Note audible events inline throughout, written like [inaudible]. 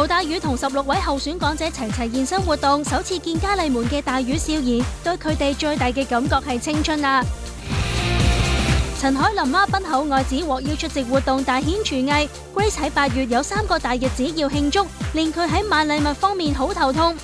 敖大魚同十六位候選港姐齊齊現身活動，首次見佳麗們嘅大魚笑言，對佢哋最大嘅感覺係青春啦。陳凱琳孖奔口外子獲邀出席活動大顯廚藝，Grace 喺八月有三個大日子要慶祝，令佢喺買禮物方面好頭痛。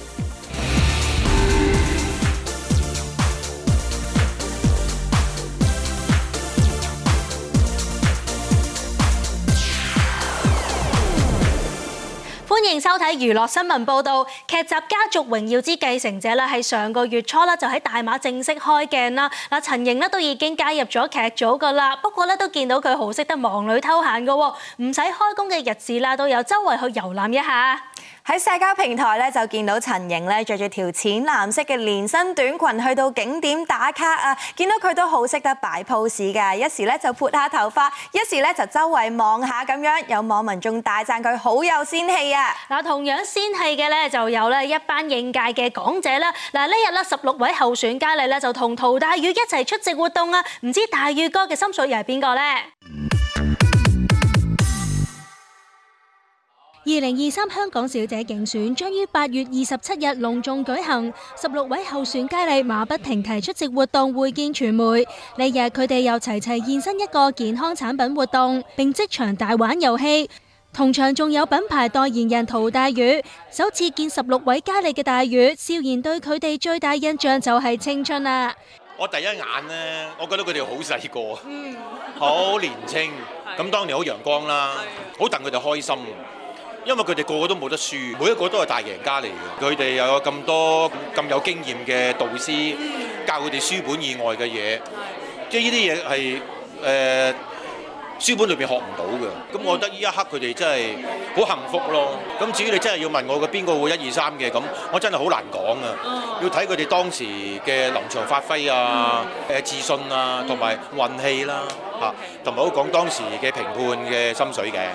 歡迎收睇娛樂新聞報道，劇集《家族榮耀之繼承者》咧係上個月初咧就喺大馬正式開鏡啦。嗱，陳瑩咧都已經加入咗劇組噶啦，不過咧都見到佢好識得忙裏偷閒噶，唔使開工嘅日子啦，都有周圍去遊覽一下。喺社交平台咧就見到陳瑩咧着住條淺藍色嘅連身短裙去到景點打卡啊！見到佢都好識得擺 pose 㗎，一時咧就撥下頭髮，一時咧就周圍望下咁樣。有網民仲大讚佢好有仙氣啊！嗱，同樣仙氣嘅咧就有咧一班應屆嘅港姐啦。嗱，呢日啦十六位候選佳麗咧就同陶大宇一齊出席活動啊！唔知大宇哥嘅心水又係邊個呢？二零二三香港小姐競選將於八月二十七日隆重舉行，十六位候選佳麗馬不停蹄出席活動會見傳媒。呢日佢哋又齊齊現身一個健康產品活動，並即場大玩遊戲。同場仲有品牌代言人陶大宇，首次見十六位佳麗嘅大宇，笑言對佢哋最大印象就係青春啦。我第一眼呢，我覺得佢哋好細個，嗯，好年輕，咁當年好陽光啦，好戥佢哋開心。因為佢哋個個都冇得輸，每一個都係大贏家嚟嘅。佢哋又有咁多咁有經驗嘅導師教佢哋書本以外嘅嘢，即係呢啲嘢係誒書本裏邊學唔到嘅。咁我覺得呢一刻佢哋真係好幸福咯。咁至於你真係要問我嘅邊個會一二三嘅咁，我真係好難講啊。要睇佢哋當時嘅臨場發揮啊、誒自信啊、同埋運氣啦、啊，嚇同埋好講當時嘅評判嘅心水嘅。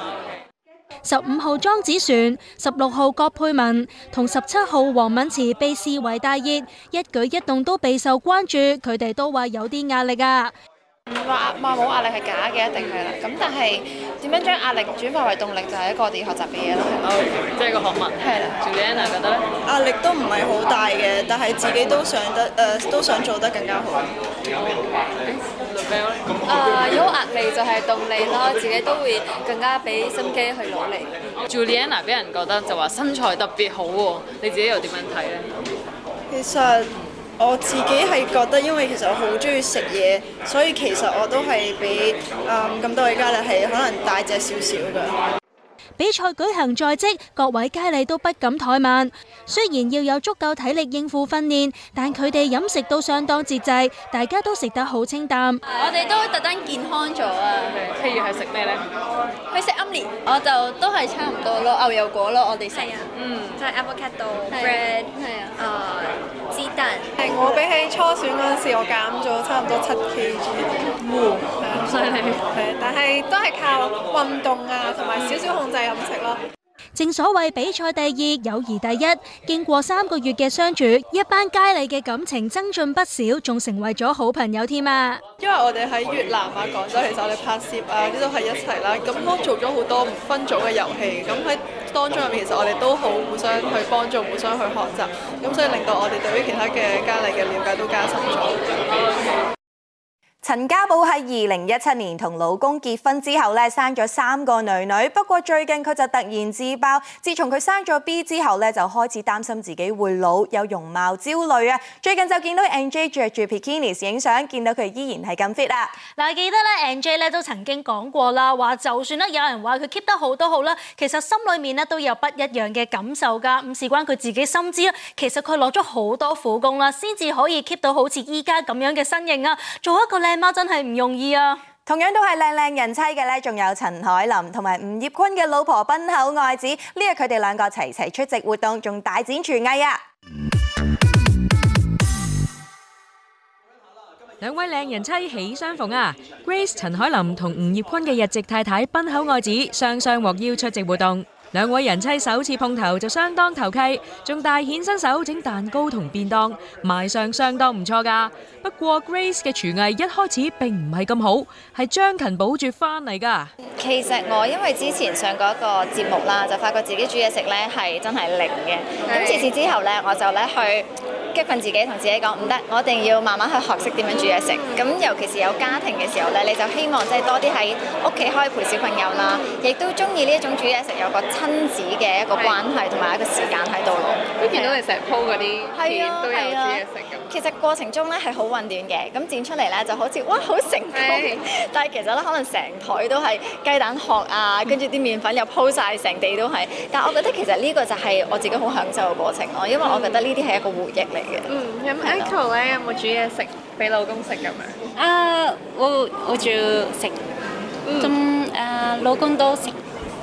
十五號莊子璇、十六號郭佩文同十七號黃敏慈被視為大熱，一舉一動都備受關注。佢哋都話有啲壓力啊。話話冇壓力係假嘅，一定係啦。咁但係點樣將壓力轉化為動力，就係一個我哋學習嘅嘢囉。哦，即係個學問。係啦。Juliana 覺得呢，壓力都唔係好大嘅，但係自己都想得誒，都想做得更加好。好。Lavelle 啊，有壓力就係動力咯，自己都會更加俾心機去努力。Juliana 俾人覺得就話身材特別好喎，你自己又點樣睇咧？其實。我自己係覺得，因為其實我好中意食嘢，所以其實我都係比咁、嗯、多位佳麗係可能大隻少少㗎。比賽舉行在即，各位佳麗都不敢怠慢.雖然要有足夠體力應付訓練,但佢地飲食都相當節制,大家都食得好清淡..正所謂比賽第二，友誼第一。經過三個月嘅相處，一班佳麗嘅感情增進不少，仲成為咗好朋友添啊！因為我哋喺越南啊、廣州，其實我哋拍攝啊，呢都係一齊啦。咁都做咗好多唔分組嘅遊戲，咁喺當中入面，其實我哋都好互相去幫助，互相去學習，咁所以令到我哋對於其他嘅佳麗嘅了解都加深咗。陳家寶喺二零一七年同老公結婚之後咧，生咗三個女女。不過最近佢就突然自爆，自從佢生咗 B 之後咧，就開始擔心自己會老，有容貌焦慮啊！最近就見到 Angel 着住 bikini 影相，見到佢依然係咁 fit 啊！嗱，記得咧，Angel 咧都曾經講過啦，話就算咧有人話佢 keep 得好都好啦，其實心裏面咧都有不一樣嘅感受噶。咁事關佢自己心知其實佢落咗好多苦功啦，先至可以 keep 到好似依家咁樣嘅身形啊！做一個咧。靚媽真係唔容易啊！同樣都係靚靚人妻嘅咧，仲有陳凱琳同埋吳業坤嘅老婆奔口愛子，呢日佢哋兩個齊齊出席活動，仲大展廚藝啊！兩位靚人妻喜相逢啊！Grace 陳凱琳同吳業坤嘅日籍太太奔口愛子雙雙獲邀出席活動。兩位人妻首次碰頭就相當投契，仲大顯身手整蛋糕同便當，賣相相當唔錯噶。不過 Grace 嘅廚藝一開始並唔係咁好，係張勤保住翻嚟噶。其實我因為之前上過一個節目啦，就發覺自己煮嘢食咧係真係零嘅。咁自此之後咧，我就咧去激勵自己，同自己講唔得，我一定要慢慢去學識點樣煮嘢食。咁尤其是有家庭嘅時候咧，你就希望即係多啲喺屋企可以陪小朋友啦，亦都中意呢一種煮嘢食，有個親子嘅一個關係同埋一個時間喺度咯，見到你成日鋪嗰啲麵都有煮嘢食咁。其實過程中咧係好混亂嘅，咁剪出嚟咧就好似哇好成功，是但係其實咧可能成台都係雞蛋殼啊，跟住啲麵粉又鋪晒成地都係。但我覺得其實呢個就係我自己好享受嘅過程咯，因為我覺得呢啲係一個回憶嚟嘅。嗯，Echo 吧咧有冇煮嘢食俾老公食咁樣？啊、uh，我我煮食，咁誒、um, uh, 老公都食。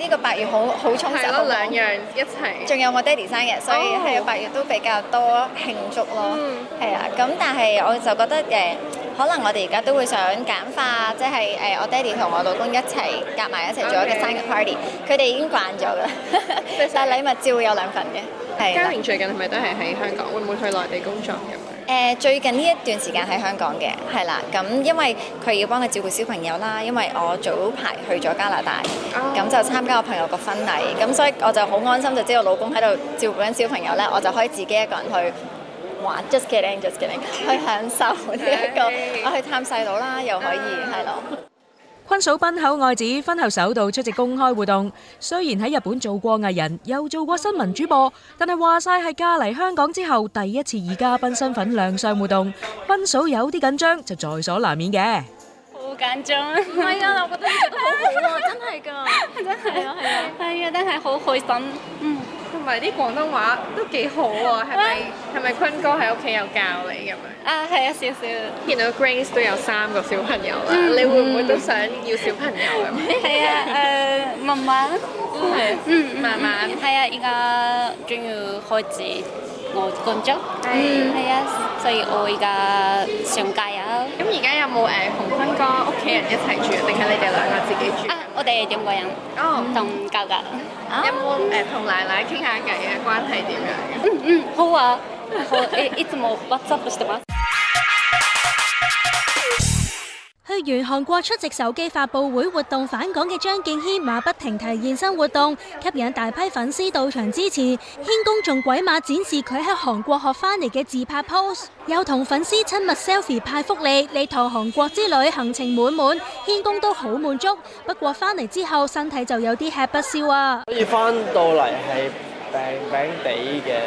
呢個八月好好充實，就係咯兩樣一齊，仲有我爹哋生日，所以係八、oh. 月都比較多慶祝咯。係啊、mm.，咁但係我就覺得嘅。可能我哋而家都會想簡化，即係誒我爹哋同我老公一齊夾埋一齊做一個生日 party。佢哋、嗯、已經慣咗㗎啦，嗯、 [laughs] 但禮物照會有兩份嘅。係。嘉玲最近係咪都係喺香港？會唔會去內地工作咁啊？誒、呃，最近呢一段時間喺香港嘅，係啦。咁因為佢要幫佢照顧小朋友啦，因為我早排去咗加拿大，咁、哦、就參加我朋友個婚禮，咁所以我就好安心，就知道我老公喺度照顧緊小朋友咧，我就可以自己一個人去。哇！Just getting, just getting，去享受呢一個，我去探細佬啦，又可以，係咯。坤嫂奔口愛子婚後首度出席公開活動，雖然喺日本做過藝人，又做過新聞主播，但係話曬係嫁嚟香港之後第一次以嘉賓身份亮相活動，坤嫂有啲緊張就在所難免嘅。好緊張啊！唔係啊，我覺得你做得好好啊， [laughs] 真係噶，真係啊，係啊，係啊，真係好開心。嗯，同埋啲廣東話都幾好啊，係咪？係咪？ [laughs] 坤哥喺屋企有教你咁樣？啊，係啊，少少。見到 Grace 都有三個小朋友啦，嗯、你會唔會都想要小朋友咁？係、嗯、 [laughs] 啊，誒、呃，慢慢，嗯，慢慢。係啊，依家仲要開始。我慣咗，係係啊，所以我而家上街啊！咁而家有冇誒同坤哥屋企人一齊住啊？定係你哋兩個自己住啊？我哋兩個人，哦，同舅舅。有冇誒同奶奶傾下偈啊？關係點樣啊？嗯嗯，好啊，好。いつもバッサップしてます。去完韓國出席手機發佈會活動返港嘅張敬軒馬不停蹄現身活動，吸引大批粉絲到場支持。軒公仲鬼馬展示佢喺韓國學翻嚟嘅自拍 pose，又同粉絲親密 selfie 派福利。呢趟韓國之旅行程滿滿，軒公都好滿足。不過返嚟之後身體就有啲吃不消啊！可以翻到嚟係病病地嘅，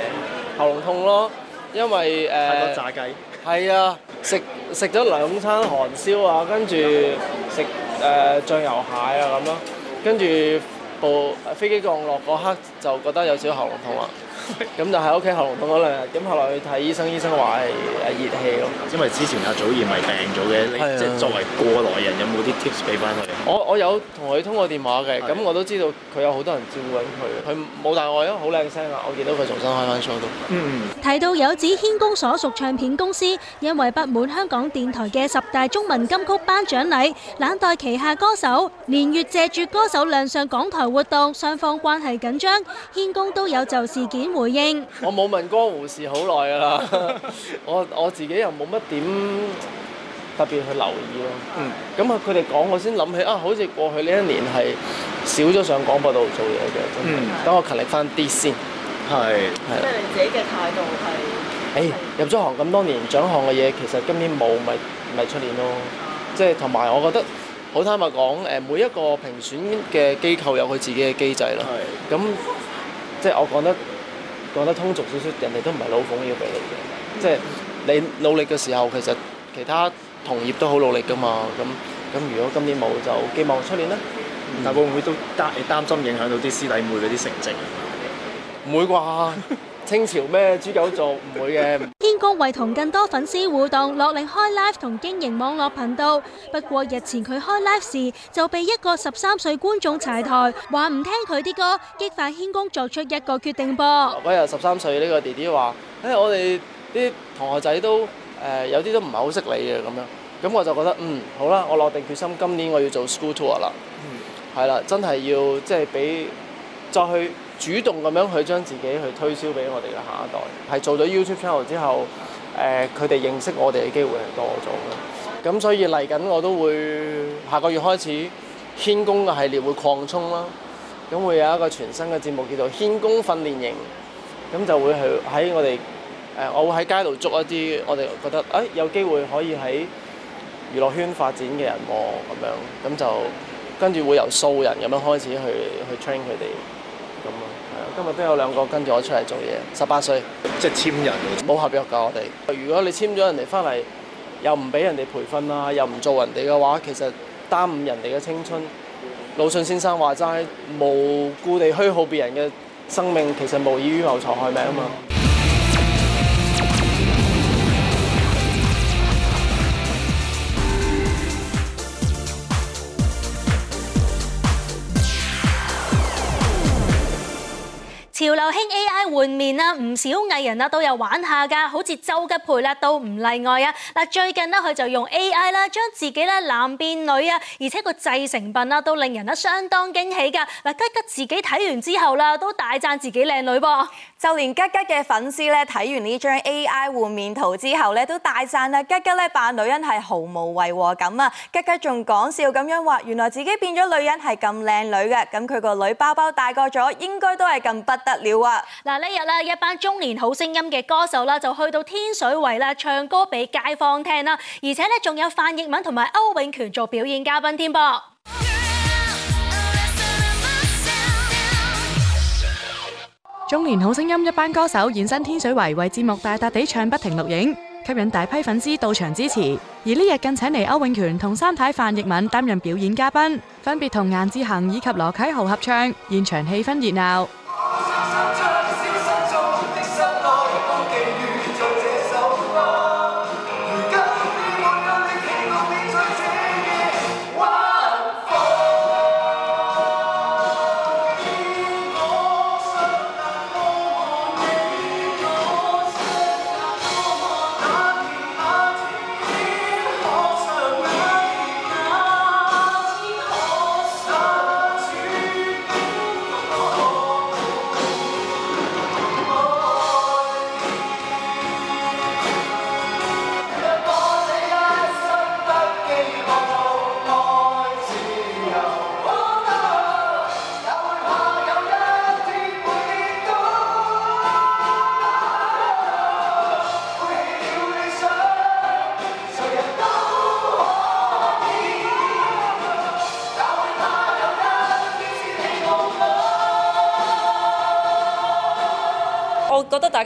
喉嚨痛咯，因為誒，太多炸雞。係啊，食食咗兩餐韓燒啊，跟住食誒、呃、醬油蟹啊咁咯、啊，跟住部飛機降落嗰刻就覺得有少少喉嚨痛啊。咁就喺屋企喉嚨痛嗰兩日，咁後來去睇醫生，醫生話係係熱氣咯。因為之前阿祖兒咪病咗嘅，即係作為過來人，有冇啲 tips 俾翻佢？我我有同佢通過電話嘅，咁我都知道佢有好多人照顧緊佢，佢冇大礙咯，好靚聲啊！我見到佢重新開翻 show 都。嗯。提到有指軒公所屬唱片公司因為不滿香港電台嘅十大中文金曲頒獎禮冷待旗下歌手，連月借住歌手亮相港台活動，雙方關係緊張。軒公都有就事件。回應，我冇問過護士好耐噶啦，我我自己又冇乜點特別去留意咯。嗯，咁啊佢哋講我先諗起啊，好似過去呢一年係少咗上廣播度做嘢嘅，嗯，等我勤力翻啲先。係係。即係你自己嘅態度係。誒，入咗行咁多年，獎項嘅嘢，其實今年冇，咪咪出年咯。即係同埋我覺得好坦白講，誒，每一個評選嘅機構有佢自己嘅機制咯。係。咁即係我講得。講得通俗少少，人哋都唔係老奉要俾你嘅，即係你努力嘅時候，其實其他同業都好努力噶嘛。咁咁，如果今年冇，就寄望出年啦。但會唔會都擔、擔心影響到啲師弟妹嗰啲成績？唔、嗯、會啩？ [laughs] 清朝咩？豬狗做唔會嘅。軒公為同更多粉絲互動，落力開 live 同經營網絡頻道。不過日前佢開 live 時，就被一個十三歲觀眾柴台，話唔聽佢啲歌，激發軒公作出一個決定噃。嗰日十三歲呢、這個弟弟話，誒、欸，我哋啲同學仔都誒、呃，有啲都唔係好識你嘅咁樣。咁我就覺得，嗯，好啦，我落定決心，今年我要做 school tour 啦。嗯，係啦，真係要即係俾再去。主動咁樣去將自己去推銷俾我哋嘅下一代，係做咗 YouTube channel 之後，誒，佢哋認識我哋嘅機會係多咗嘅。咁所以嚟緊我都會下個月開始軒工嘅系列會擴充啦。咁會有一個全新嘅節目叫做軒工訓練營，咁就會去喺我哋誒、呃，我會喺街度捉一啲我哋覺得誒，有機會可以喺娛樂圈發展嘅人喎，咁樣咁就跟住會由素人咁樣開始去去 train 佢哋。咁啊，今日都有兩個跟住我出嚟做嘢，十八歲，即係簽人，冇合約㗎，我哋。如果你簽咗人哋翻嚟，又唔俾人哋培訓啊，又唔做人哋嘅話，其實耽誤人哋嘅青春。魯迅先生話齋，無故地虛耗別人嘅生命，其實無異於謀財害命啊嘛。嗯嗯嗯。潮流興 AI 換面啊，唔少藝人啊都有玩下㗎，好似周吉培啦都唔例外啊！嗱，最近咧佢就用 AI 啦，將自己咧男變女啊，而且個製成品啦都令人咧相當驚喜㗎！嗱，吉吉自己睇完之後啦，都大讚自己靚女噃，就連吉吉嘅粉絲咧睇完呢張 AI 換面圖之後咧，都大讚啊吉吉咧扮女人係毫無違和感啊！吉吉仲講笑咁樣話，原來自己變咗女人係咁靚女嘅，咁佢個女包包大個咗，應該都係咁不得。不了啊！嗱，呢日咧一班中年好聲音嘅歌手啦，就去到天水圍啦，唱歌俾街坊聽啦。而且咧，仲有范逸文同埋歐永權做表演嘉賓添噃。中年好聲音一班歌手現身天水圍，為節目大笪地唱不停錄影，吸引大批粉絲到場支持。而呢日更請嚟歐永權同三太范逸文擔任表演嘉賓，分別同顏志恒以及羅啟豪合唱，現場氣氛熱鬧。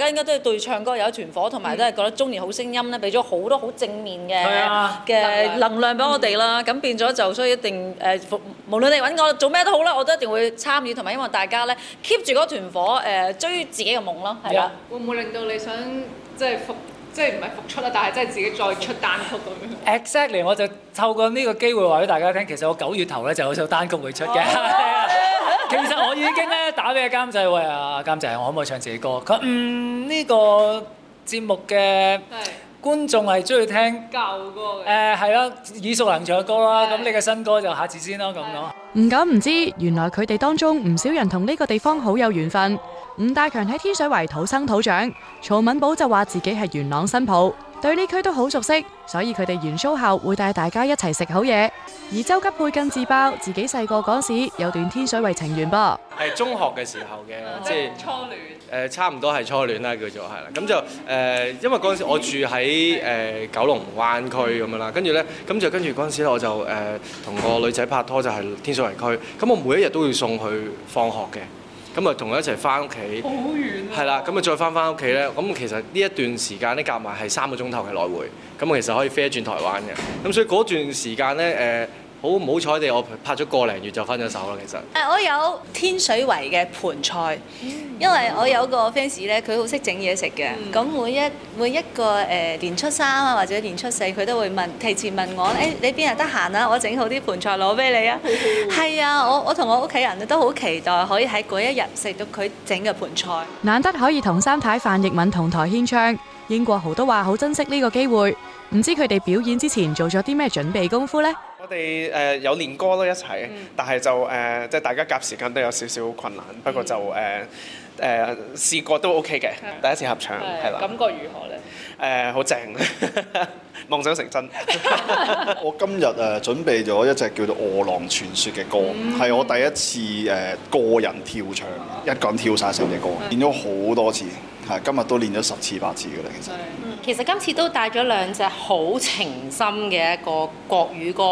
應該都係對唱歌有一團火，同埋都係覺得《中年好聲音》咧俾咗好多好正面嘅嘅、啊、能量俾我哋啦。咁、嗯、變咗就所以一定誒、呃，無論你揾我做咩都好啦，我都一定會參與，同埋希望大家咧 keep 住嗰團火、呃、追自己嘅夢咯，係啦、啊。會唔會令到你想即係復即係唔係復出啦？但係真係自己再出單曲咁樣？Exactly！我就透過呢個機會話俾大家聽，其實我九月頭咧就有首單曲會出嘅。Oh yeah. [laughs] 其實我已經咧打俾個監製，喂，阿監製，我可唔可以唱自己歌？佢，嗯，呢個節目嘅觀眾係中意聽舊歌嘅。誒係啦，耳熟能詳嘅歌啦。咁你嘅新歌就下次先咯，咁講。唔敢唔知，原來佢哋當中唔少人同呢個地方好有緣分。吳大強喺天水圍土生土長，曹敏寶就話自己係元朗新抱。對呢區都好熟悉，所以佢哋完 show 後會帶大家一齊食好嘢。而周吉沛更自爆自己細個嗰時有段天水圍情緣噃，係中學嘅時候嘅，即係初戀，誒差唔多係初戀啦，叫做係啦。咁就誒，因為嗰陣時我住喺誒九龍灣區咁樣啦，跟住咧，咁就跟住嗰陣時咧，我就誒同個女仔拍拖就係天水圍區，咁我每一日都要送去放學嘅。咁啊，同佢一齊翻屋企，好遠，係啦，咁啊，再翻翻屋企咧。咁其實呢一段時間咧，夾埋係三個鐘頭嘅來回，咁其實可以飛轉台灣嘅。咁所以嗰段時間咧，誒、呃。好唔好彩地，我拍咗個零月就分咗手啦。其實誒，uh, 我有天水圍嘅盤菜，mm hmm. 因為我有個 fans 咧，佢好識整嘢食嘅。咁、mm hmm. 每一每一個誒年初三啊，或者年初四，佢都會問提前問我誒、mm hmm. 欸，你邊日得閒啊？我整好啲盤菜攞俾你啊。係、mm hmm. 啊，我我同我屋企人都好期待可以喺嗰一日食到佢整嘅盤菜。難得可以同三太范逸敏同台獻唱，英國豪都話好珍惜呢個機會。唔知佢哋表演之前做咗啲咩準備功夫呢？我哋誒有練歌都一齊，但係就誒即係大家夾時間都有少少困難。不過就誒誒試過都 OK 嘅，第一次合唱係啦。感覺如何咧？誒，好正，夢想成真。我今日誒準備咗一隻叫做《餓狼傳說》嘅歌，係我第一次誒個人跳唱，一個人跳晒成隻歌，練咗好多次，係今日都練咗十次八次嘅喇。其實。其實今次都帶咗兩隻好情深嘅一個國語歌，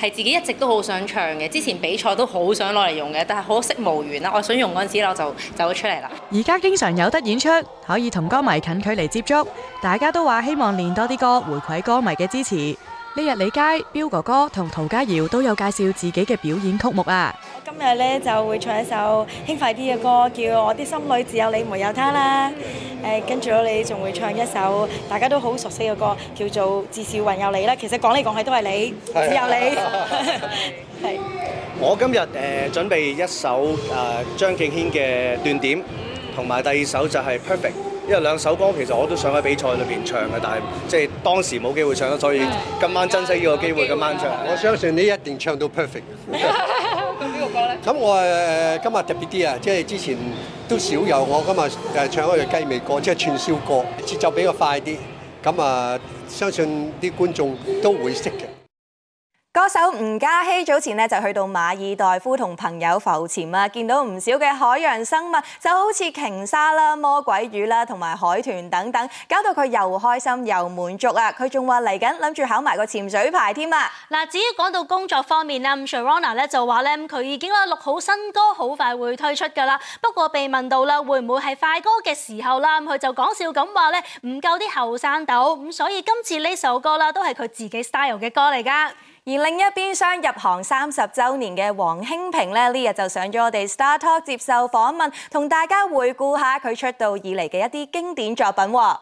係自己一直都好想唱嘅。之前比賽都好想攞嚟用嘅，但係可惜無緣啦。我想用嗰陣時我就走出嚟啦。而家經常有得演出，可以同歌迷近距離接觸，大家都話希望練多啲歌回饋歌迷嘅支持。呢日李佳、彪哥哥同陶嘉瑤都有介紹自己嘅表演曲目啊。今日咧就會唱一首輕快啲嘅歌，叫我的心裏只有你沒有他啦。誒，跟住咯，你仲會唱一首大家都好熟悉嘅歌，叫做至少還有你啦。其實講嚟講去都係你，只有你。係。我今日誒準備一首誒張敬軒嘅斷點。同埋第二首就係 Perfect，因為兩首歌其實我都想喺比賽裏邊唱嘅，但係即係當時冇機會唱，所以今晚珍惜呢個機會，今晚唱。我相信你一定唱到 Perfect。咁呢個歌咧？咁我誒今日特別啲啊，即係之前都少有，我今日誒唱嗰隻雞尾歌，即係串燒歌，節奏比較快啲，咁啊，相信啲觀眾都會識嘅。歌手吳嘉熙早前咧就去到馬爾代夫同朋友浮潛啊，見到唔少嘅海洋生物，就好似鯨鯊啦、魔鬼魚啦，同埋海豚等等，搞到佢又開心又滿足啊！佢仲話嚟緊諗住考埋個潛水牌添啊！嗱，至於講到工作方面啦，Cheronna 咧就話咧，佢已經啦錄好新歌，好快會推出噶啦。不過被問到啦會唔會係快歌嘅時候啦，佢就講笑咁話咧，唔夠啲後生鬥，咁，所以今次呢首歌啦都係佢自己 style 嘅歌嚟噶。而另一邊廂，入行三十週年嘅王馨平咧，呢日就上咗我哋 Star Talk 接受訪問，同大家回顧一下佢出道以嚟嘅一啲經典作品喎。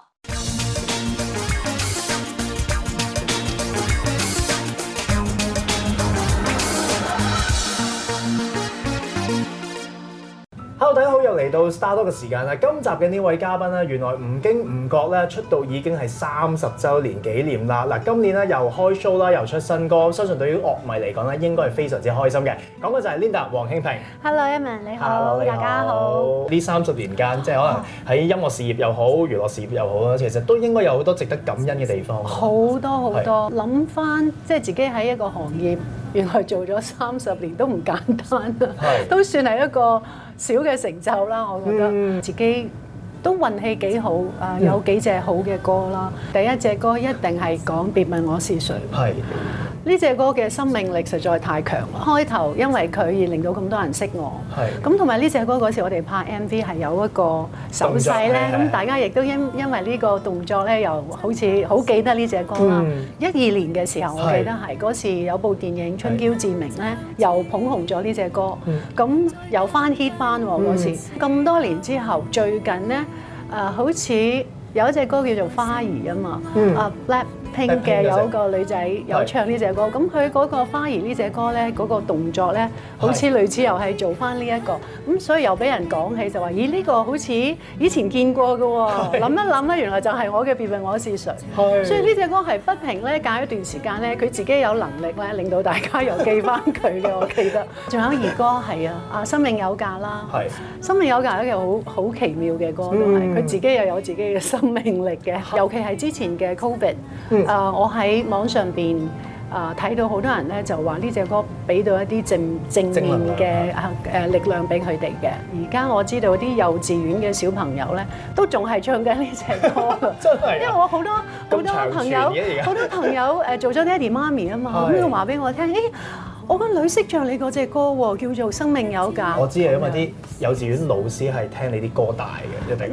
大家好，又嚟到 Star Doc 嘅時間啦！今集嘅呢位嘉賓咧，原來唔經唔覺咧，出道已經係三十週年紀念啦！嗱，今年咧又開 show 啦，又出新歌，相信對於樂迷嚟講咧，應該係非常之開心嘅。講嘅就係 Linda 黃慶平。Hello，Emin，你好，大家好。呢三十年間，即係可能喺音樂事業又好，娛樂事業又好啦，其實都應該有好多值得感恩嘅地方。好多好多，諗翻即係自己喺一個行業，原來做咗三十年都唔簡單啊，都算係一個。少嘅成就啦，我覺得、嗯、自己都運氣幾好、嗯、啊！有幾隻好嘅歌啦，第一隻歌一定係講別問我是誰。係呢隻歌嘅生命力實在太強啦！開頭因為佢而令到咁多人識我，咁同埋呢隻歌嗰時我哋拍 MV 係有一個手勢咧，咁大家亦都因因為呢個動作咧，又好似好記得呢隻歌啦。一二年嘅時候我記得係嗰時有部電影《春嬌志明》咧，又捧紅咗呢隻歌，咁又翻 hit 返喎嗰時。咁多年之後，最近咧，誒好似有一隻歌叫做《花兒》啊嘛，啊拼嘅有一個女仔有唱呢隻歌，咁佢嗰個花兒呢隻歌咧，嗰、那個動作咧，是好似類似又係做翻呢一個，咁是、嗯、所以又俾人講起就話，咦呢、這個好似以前見過嘅喎、哦，諗是一諗咧，原來就係我嘅別問我是誰。是所以呢隻歌係不停咧，隔一段時間咧，佢自己有能力咧，令到大家又記翻佢嘅， [laughs] 我記得。仲有兒歌係啊，啊生命有價啦，是生命有價嘅好好奇妙嘅歌都係，佢、嗯、自己又有自己嘅生命力嘅，尤其係之前嘅 Covid、嗯。誒，我喺網上邊誒睇到好多人咧，就話呢隻歌俾到一啲正正面嘅誒力量俾佢哋嘅。而家我知道啲幼稚園嘅小朋友咧，都仲係唱緊呢隻歌啊！因為我好多好 [laughs] 嗎多，多朋友，好 [laughs] 多朋友誒做咗爹哋媽咪啊嘛，咁佢話俾我聽，咦、哎？我個女識唱你嗰隻歌喎，叫做《生命有價》。我知啊，因為啲幼稚園老師係聽你啲歌大嘅一定。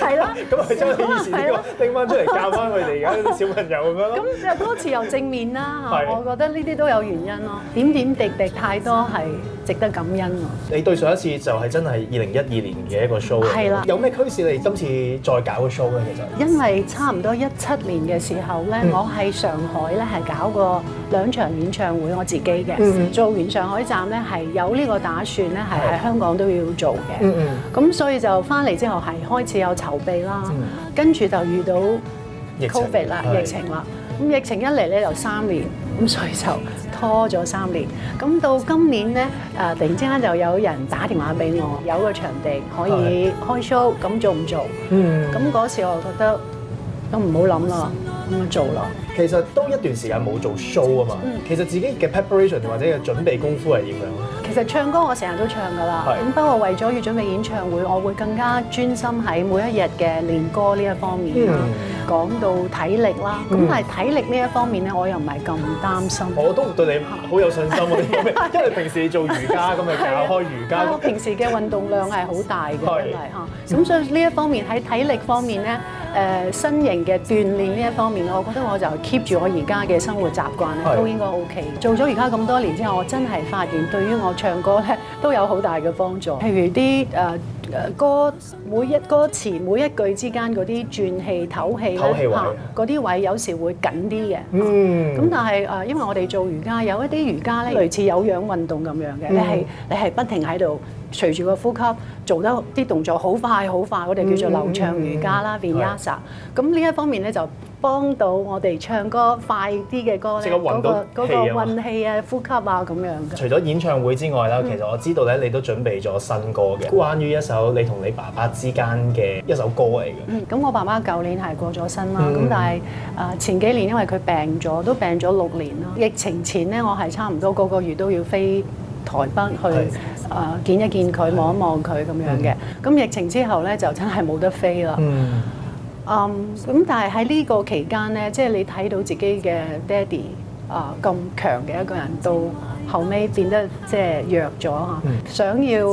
係啦。咁啊將啲以前歌拎翻出嚟教翻佢哋而家啲小朋友咁樣咯。咁入歌詞又正面啦，我覺得呢啲都有原因咯。點點滴滴太多係值得感恩喎。你對上一次就係真係二零一二年嘅一個 show 啊。係啦。有咩驅使你今次再搞個 show 咧？其實因為差唔多一七年嘅時候咧，我喺上海咧係搞個兩場演唱會，我自己嘅、嗯、做完上海站咧，係有呢個打算咧是，係喺香港都要做嘅。咁、嗯、所以就翻嚟之後係開始有籌備啦，嗯、跟住就遇到 Covid 啦，疫情啦。咁疫，疫情一嚟咧就三年，咁所以就拖咗三年。咁到今年咧，誒、呃、突然之間就有人打電話俾我，嗯、有個場地可以開 show，咁、嗯、做唔做？咁嗰、嗯、時我就覺得都唔好諗啦。咁做咯，其實都一段時間冇做 show 啊嘛。嗯，其實自己嘅 preparation 或者嘅準備功夫係點樣咧？其實唱歌我成日都唱噶啦。係是。不過為咗要準備演唱會，我會更加專心喺每一日嘅練歌呢一方面啦。嗯、講到體力啦，咁但係體力呢一方面咧，我又唔係咁擔心 [noise] 我都對你好有信心啊，因為平時做瑜伽咁咪教開瑜伽。我平時嘅運動量係好大嘅，因為嚇。咁是所以呢一方面喺體力方面咧。誒身型嘅鍛鍊呢一方面，我覺得我就 keep 住我而家嘅生活習慣咧，的都應該 O K。做咗而家咁多年之後，我真係發現對於我唱歌咧都有好大嘅幫助，譬如啲誒，呃誒歌每一歌詞每一句之間嗰啲轉氣唞氣嗰啲氣、啊、位有時會緊啲嘅。嗯，咁、啊、但係誒、啊，因為我哋做瑜伽有一啲瑜伽咧，類似有氧運動咁樣嘅，你係你係不停喺度隨住個呼吸做得啲動作好快好快，我哋叫做流暢瑜伽啦，Vinyasa。咁呢一方面咧就。幫到我哋唱歌快啲嘅歌即嗰、嗰個嗰、嗰個、運氣啊，我說 呼吸啊咁樣。除咗演唱會之外咧，嗯、其實我知道咧，你都準備咗新歌嘅。關於一首你同你爸爸之間嘅一首歌嚟嘅。嗯。咁我爸爸舊年係過咗身啦，咁、嗯、但係啊、呃、前幾年因為佢病咗，都病咗六年啦。疫情前咧，我係差唔多個個月都要飛台北去啊是、呃、見一見佢，望是一望佢咁樣嘅。咁、嗯嗯、疫情之後咧，就真係冇得飛啦。嗯。嗯，咁但係喺呢個期間咧，即係你睇到自己嘅爹哋啊咁強嘅一個人，到後尾變得即係弱咗吓，嗯、想要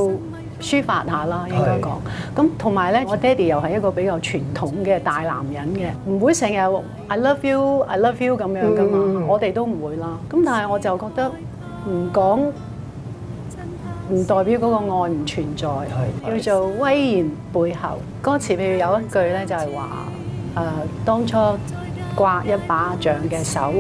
抒發下啦應該講。咁同埋咧，我爹哋又係一個比較傳統嘅大男人嘅，唔會成日 I love you I love you 咁樣噶嘛，嗯、我哋都唔會啦。咁但係我就覺得唔講。唔代表嗰個愛唔存在，叫做威嚴背後。歌詞譬如有一句咧，就係話：誒，當初摑一把掌嘅手，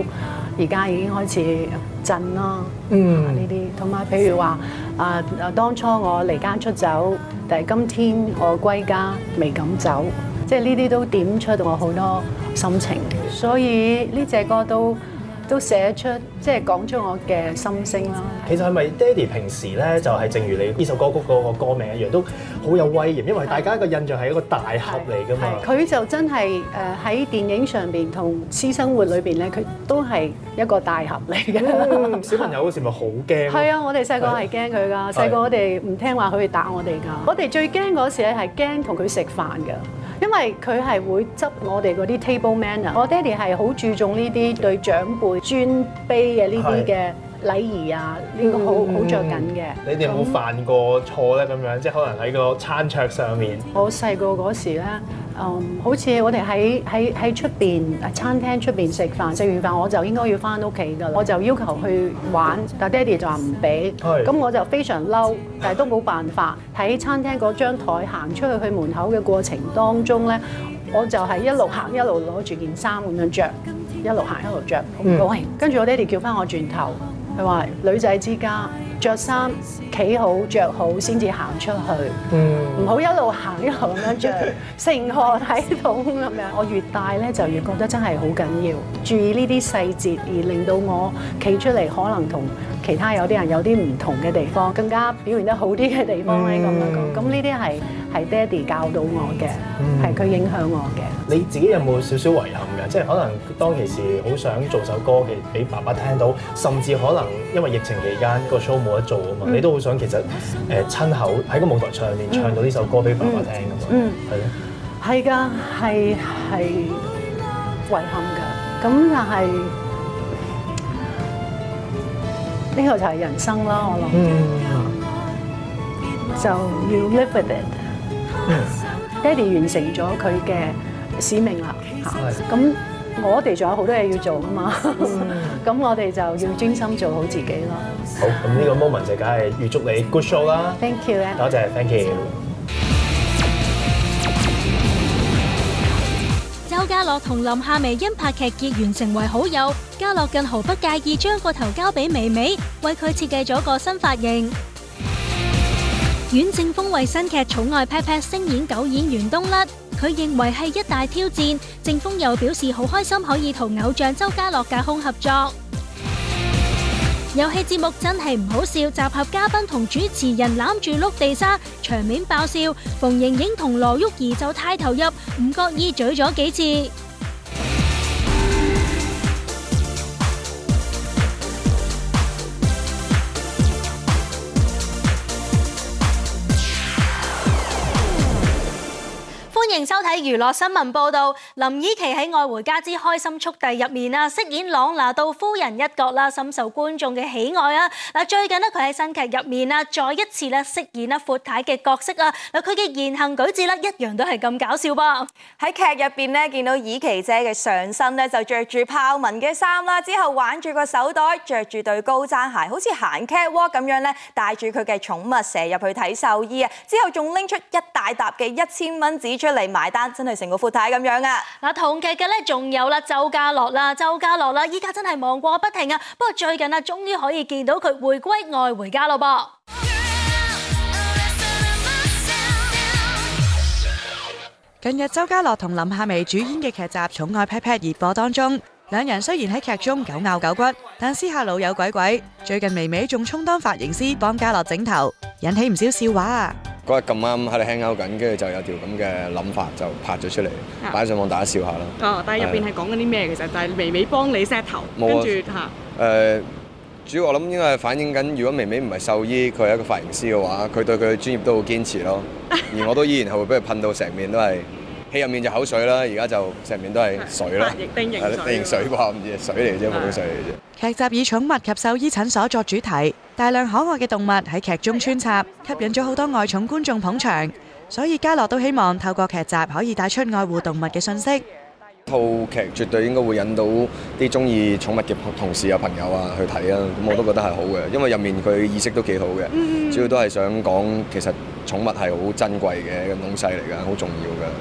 而家已經開始震啦。嗯、啊，呢啲同埋譬如話：誒、呃，當初我離家出走，但係今天我歸家，未敢走。即係呢啲都點出我好多心情。所以呢隻歌都。都寫出即係講出我嘅心聲啦。其實係咪爹哋平時咧就係、是、正如你呢首 [music] 歌曲個歌名一樣，都好有威嚴，因為大家個印象係一個大俠嚟噶嘛。佢就真係誒喺電影上邊同私生活裏邊咧，佢都係一個大俠嚟嘅。小朋友嗰時咪好驚？係啊， [laughs] 我哋細個係驚佢噶，細個的我哋唔聽話佢會打我哋噶。的我哋最驚嗰時咧係驚同佢食飯㗎。因為佢係會執我哋嗰啲 table manner，我爹地係好注重呢啲對長輩、尊卑嘅呢啲嘅。禮儀啊，呢個好好着緊嘅。你哋有冇犯過錯咧？咁樣即係可能喺個餐桌上面。我細個嗰時咧，嗯，好似我哋喺喺喺出邊餐廳出邊食飯，食完飯我就應該要翻屋企㗎喇。我就要求去玩，但爹哋就話唔俾。係是。咁我就非常嬲，但係都冇辦法。喺餐廳嗰張台行出去去門口嘅過程當中咧，我就係一路行一路攞住件衫咁樣着，一路行一路着。嗯。咁啊喂，跟住我爹哋叫翻我轉頭。佢話：女仔之家着衫企好着好先至行出去，唔好、嗯、一路行一路咁樣着成個系統。咁樣。 [laughs] 我越大咧就越覺得真係好緊要，注意呢啲細節，而令到我企出嚟可能同其他有啲人有啲唔同嘅地方，更加表現得好啲嘅地方咧咁、嗯、樣講。咁呢啲係。係爹哋教到我嘅，係佢、嗯、影響我嘅。你自己有冇少少遺憾嘅？即係可能當其時好想做首歌嘅，俾爸爸聽到，甚至可能因為疫情期間個 show 冇得做啊嘛，嗯、你都好想其實誒、呃、親口喺個舞台上面唱到呢首歌俾、嗯、爸爸聽啊嘛，係咯、嗯。係噶呢，係係遺憾嘅。咁但係呢、呢個就係人生啦，我諗、嗯、就要 live with it。爹哋完成咗佢嘅使命啦，咁我哋仲有好多嘢要做噶嘛，咁我哋就要專心做好自己咯。好，咁呢個 moment 就梗係預祝你 good show 啦，thank you，多謝，thank you。周家樂同林夏薇因拍劇結緣成為好友，家樂更毫不介意將個頭交俾微微，為佢設計咗個新髮型。阮正峰為新劇《寵愛 Pepe》聲演狗演員東甩，佢認為係一大挑戰。正峰又表示好開心可以同偶像周家樂隔空合作。遊戲節目真係唔好笑，集合嘉賓同主持人攬住碌地沙，場面爆笑。馮盈盈同羅玉兒就太投入，唔覺意嘴咗幾次。歡迎收睇娛樂新聞報道。林依琪喺《愛回家之開心速遞》入面啦，飾演朗拿度夫人一角啦，深受觀眾嘅喜愛啊！嗱，最近咧佢喺新劇入面啦，再一次咧飾演啦闊太嘅角色啊！嗱，佢嘅言行舉止咧，一樣都係咁搞笑噃。喺劇入邊咧，見到依琪姐嘅上身咧就着住豹紋嘅衫啦，之後挽住個手袋，着住對高踭鞋，好似行 catwalk 咁樣咧，帶住佢嘅寵物蛇入去睇獸醫啊！之後仲拎出一大沓嘅一千蚊紙出。嚟埋單真係成個闊太咁樣啊！嗱，同劇嘅咧仲有啦，周家洛啦，周家洛啦，依家真係忙過不停啊！不過最近啊，終於可以見到佢回歸愛回家咯噃。近日周家洛同林夏薇主演嘅劇集《寵愛 Pet Pet》熱播當中，兩人雖然喺劇中狗咬狗骨，但私下老友鬼鬼。最近薇薇仲充當髮型師幫家洛整頭，引起唔少笑話啊！嗰日咁啱喺度輕勾緊，跟住就有條咁嘅諗法就拍咗出嚟，擺上網大家笑下啦。哦、嗯，但係入邊係講緊啲咩？嗯、其實就係微微幫你 set 頭，跟住嚇。誒、嗯嗯，主要我諗應該係反映緊，如果微微唔係獸醫，佢係一個髮型師嘅話，佢對佢嘅專業都好堅持咯。而我都依然係會俾佢噴到成面都係，戲入面就口水啦。而家就成面都係水啦，定型水啩？唔知係水嚟、really? 啫，冇水嚟啫。劇集以寵物及獸醫診所作主題，大量可愛嘅動物喺劇中穿插，吸引咗好多愛寵觀眾捧場。所以嘉樂都希望透過劇集可以帶出愛護動物嘅信息。套劇絕對應該會引到啲中意寵物嘅同事啊、朋友啊去睇啊。咁我都覺得係好嘅，因為入面佢意識都幾好嘅。主要都係想講，其實寵物係好珍貴嘅咁東西嚟噶，好重要噶。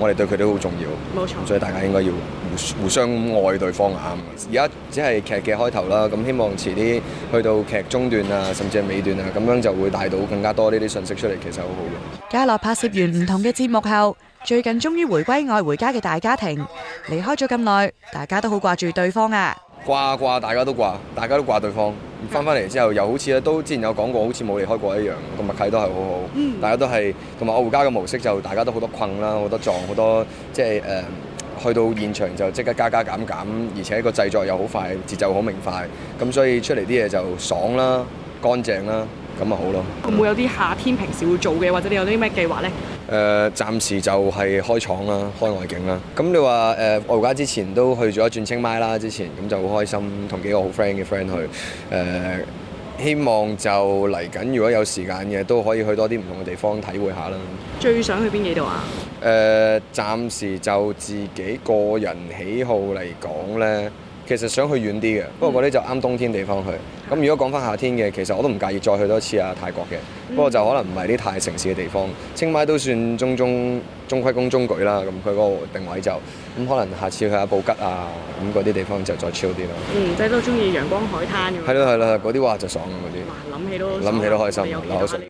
我哋對佢都好重要，冇錯，所以大家應該要互互相愛對方啊！而家只係劇嘅開頭啦，咁希望遲啲去到劇中段啊，甚至係尾段啊，咁樣就會帶到更加多呢啲信息出嚟，其實好好嘅。嘉樂拍攝完唔同嘅節目後，最近終於回歸《愛回家》嘅大家庭，離開咗咁耐，大家都好掛住對方啊！掛掛，大家都掛，大家都掛對方。翻翻嚟之後，又好似咧都之前有講過，好似冇離開過一樣，個默契都係好好、嗯，大家都係同埋奧加嘅模式就大家都好多困啦，好多撞，好多即係誒、呃，去到現場就即刻加加減減，而且個製作又好快，節奏好明快，咁所以出嚟啲嘢就爽啦，乾淨啦。咁咪好咯！會唔會有啲夏天平時會做嘅，或者你有啲咩計劃呢？誒、呃，暫時就係開廠啦，開外景啦。咁你話誒、呃，我而家之前都去咗一轉清邁啦，之前咁就好開心，同幾個好 friend 嘅 friend 去。誒、呃，希望就嚟緊，如果有時間嘅，都可以去多啲唔同嘅地方體會下啦。最想去邊幾度啊？誒、呃，暫時就自己個人喜好嚟講呢。其實想去遠啲嘅，不過嗰啲就啱冬天地方去。咁如果講返夏天嘅，其實我都唔介意再去多次啊泰國嘅。不過就可能唔係啲太城市嘅地方，清邁都算中中中規公中矩啦。咁、那、佢個定位就咁，可能下次去下布吉啊咁嗰啲地方就再超啲咯。嗯，即、就是、都中意陽光海灘㗎嘛。係咯係咯，嗰啲話就爽嗰啲。諗起都諗起都開心。啊行